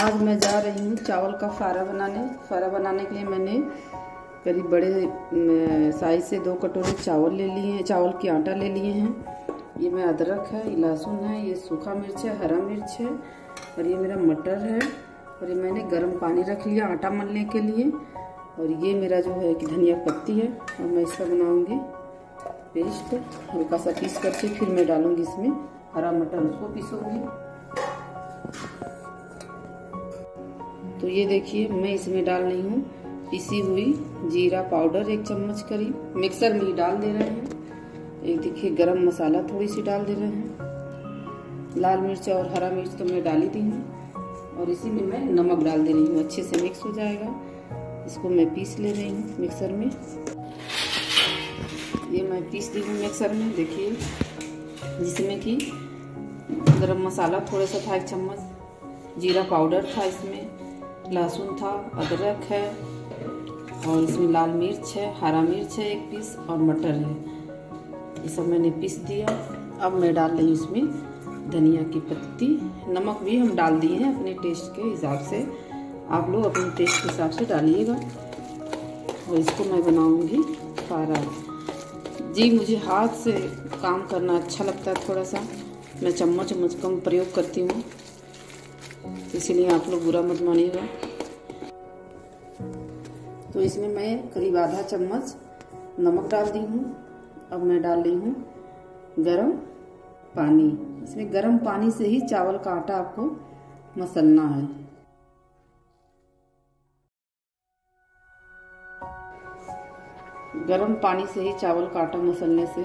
आज मैं जा रही हूँ चावल का फारा बनाने फारा बनाने के लिए मैंने करीब बड़े साइज से दो कटोरे चावल ले लिए हैं चावल के आटा ले लिए हैं ये मैं अदरक है ये लहसुन है ये सूखा मिर्च है हरा मिर्च है और ये मेरा मटर है और ये मैंने गर्म पानी रख लिया आटा मलने के लिए और ये मेरा जो है कि धनिया पत्ती है और मैं इसका बनाऊँगी पेस्ट हल्का सा पीस करके फिर मैं डालूँगी इसमें हरा मटर उसको पीसूँगी तो ये देखिए मैं इसमें डाल रही हूँ पिसी हुई जीरा पाउडर एक चम्मच करीब मिक्सर में ही डाल दे रहे हैं एक देखिए गरम मसाला थोड़ी सी डाल दे रहे हैं लाल मिर्च और हरा मिर्च तो मैं डाली दी हूँ और इसी में मैं नमक डाल दे रही हूँ अच्छे से मिक्स हो जाएगा इसको मैं पीस ले रही हूँ मिक्सर में ये मैं पीस दी हूँ मिक्सर में देखिए जिसमें कि गरम मसाला थोड़ा सा था एक चम्मच जीरा पाउडर था इसमें लहसुन था अदरक है और इसमें लाल मिर्च है हरा मिर्च है एक पीस और मटर है ये सब मैंने पीस दिया अब मैं डाल रही हूँ इसमें धनिया की पत्ती नमक भी हम डाल दिए हैं अपने टेस्ट के हिसाब से आप लोग अपने टेस्ट के हिसाब से डालिएगा और इसको मैं बनाऊंगी फारा जी मुझे हाथ से काम करना अच्छा लगता है थोड़ा सा मैं चम्मच चम्मच कम प्रयोग करती हूँ इसलिए आप लोग बुरा मत मानिएगा तो इसमें मैं करीब आधा चम्मच नमक डाल दी हूँ अब मैं डाल रही हूँ गरम पानी इसमें गरम पानी से ही चावल का आटा आपको मसलना है गरम पानी से ही चावल का आटा मसलने से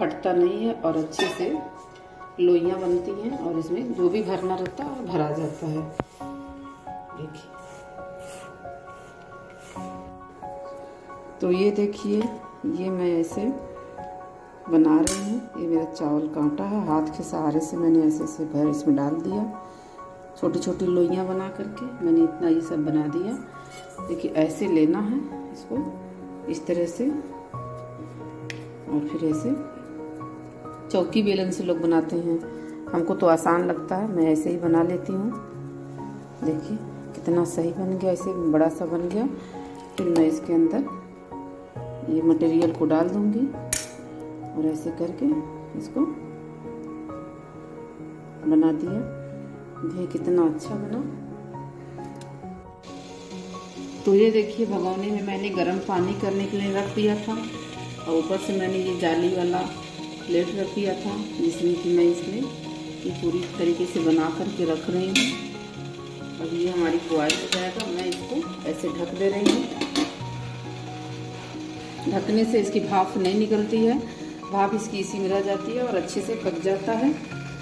फटता नहीं है और अच्छे से लोइयाँ बनती हैं और इसमें जो भी भरना रहता है भरा जाता है देखिए तो ये देखिए ये मैं ऐसे बना रही हूँ ये मेरा चावल का आटा है हाथ के सहारे से मैंने ऐसे ऐसे भर इसमें डाल दिया छोटी छोटी लोइयाँ बना करके मैंने इतना ये सब बना दिया देखिए ऐसे लेना है इसको इस तरह से और फिर ऐसे चौकी बेलन से लोग बनाते हैं हमको तो आसान लगता है मैं ऐसे ही बना लेती हूँ देखिए कितना सही बन गया ऐसे बड़ा सा बन गया फिर मैं इसके अंदर ये मटेरियल को डाल दूँगी और ऐसे करके इसको बना दिया देखिए कितना अच्छा बना तो ये देखिए भगवने में मैंने गर्म पानी करने के लिए रख दिया था और ऊपर से मैंने ये जाली वाला प्लेट रख दिया था जिसमें कि मैं इसमें ये पूरी तरीके से बना करके रख रही हूँ अब ये हमारी बॉयल हो जाएगा मैं इसको ऐसे ढक दे रही हूँ ढकने से इसकी भाप नहीं निकलती है भाप इसकी इसी में रह जाती है और अच्छे से पक जाता है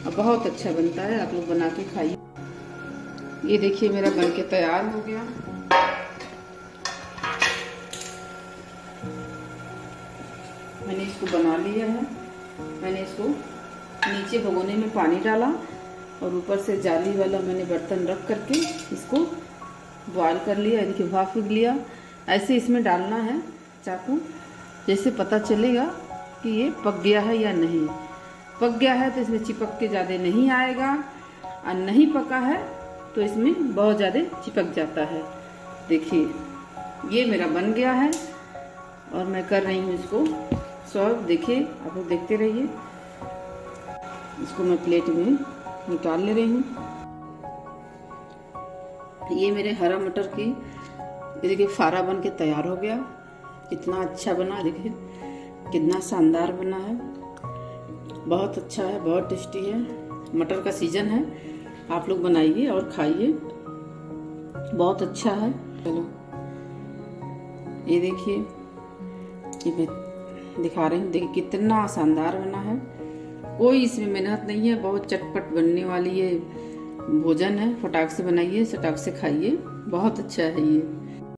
और बहुत अच्छा बनता है आप लोग बना के खाइए ये देखिए मेरा बन के तैयार हो गया मैंने इसको बना लिया है मैंने इसको नीचे भगोने में पानी डाला और ऊपर से जाली वाला मैंने बर्तन रख करके इसको बॉयल कर लिया यानी कि भाप लिया ऐसे इसमें डालना है चाकू जैसे पता चलेगा कि ये पक गया है या नहीं पक गया है तो इसमें चिपक के ज़्यादा नहीं आएगा और नहीं पका है तो इसमें बहुत ज़्यादा चिपक जाता है देखिए ये मेरा बन गया है और मैं कर रही हूँ इसको सॉस देखिए आप लोग देखते रहिए इसको मैं प्लेट में निकाल ले रही हूँ ये मेरे हरा मटर की ये देखिए फारा बन के तैयार हो गया कितना अच्छा बना देखिए कितना शानदार बना है बहुत अच्छा है बहुत टेस्टी है मटर का सीजन है आप लोग बनाइए और खाइए बहुत अच्छा है चलो ये देखिए ये दिखा रही हूँ देखिए कितना शानदार बना है कोई इसमें मेहनत नहीं है बहुत चटपट बनने वाली ये भोजन है फटाक से बनाइए फटाक से खाइए बहुत अच्छा है ये